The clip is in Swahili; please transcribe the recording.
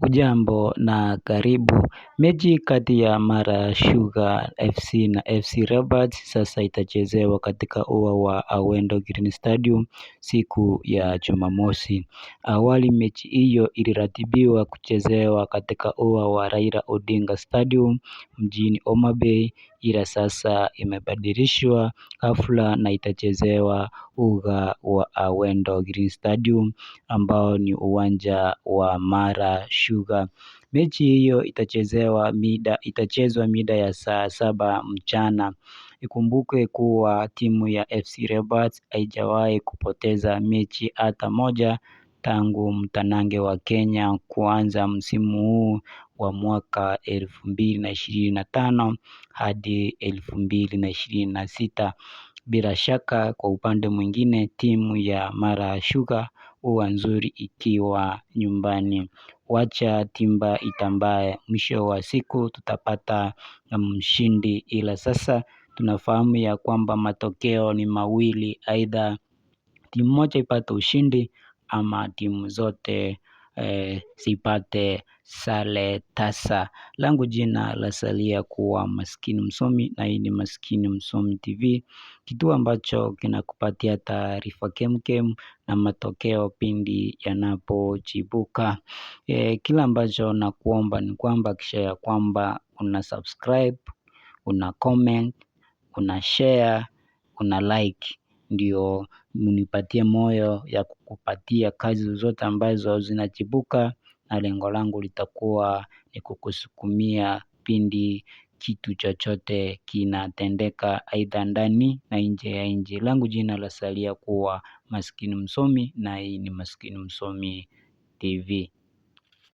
Hujambo na karibu, mechi kati ya Mara Sugar FC na FC Leopards sasa itachezewa katika ua wa Awendo Green Stadium siku ya Jumamosi. Awali mechi hiyo iliratibiwa kuchezewa katika ua wa Raila Odinga Stadium mjini Homa Bay, ila sasa imebadilishwa ghafla na itachezewa uga wa Awendo Green Stadium ambao ni uwanja wa Mara Sugar. Mechi hiyo itachezewa mida, itachezwa mida ya saa saba mchana. Ikumbuke kuwa timu ya FC Leopards haijawahi kupoteza mechi hata moja tangu mtanange wa Kenya kuanza msimu huu wa mwaka elfu mbili na ishirini na tano hadi elfu mbili na ishirini na sita. Bila shaka kwa upande mwingine timu ya Mara Sugar huwa nzuri ikiwa nyumbani. Wacha timba itambae, mwisho wa siku tutapata mshindi, ila sasa tunafahamu ya kwamba matokeo ni mawili, aidha timu moja ipate ushindi ama timu zote sipate eh, sale tasa langu jina la salia kuwa maskini msomi na hii ni maskini msomi tv Kituo ambacho kinakupatia taarifa kemkem na matokeo pindi E, eh, Kile ambacho nakuomba ni kwamba kisha ya kwamba una share, una like ndio hunipatia moyo ya kukupatia kazi zozote ambazo zinachipuka na lengo langu litakuwa ni kukusukumia pindi kitu chochote kinatendeka aidha ndani na nje ya nchi langu jina la salia kuwa maskini msomi na hii ni Maskini Msomi TV.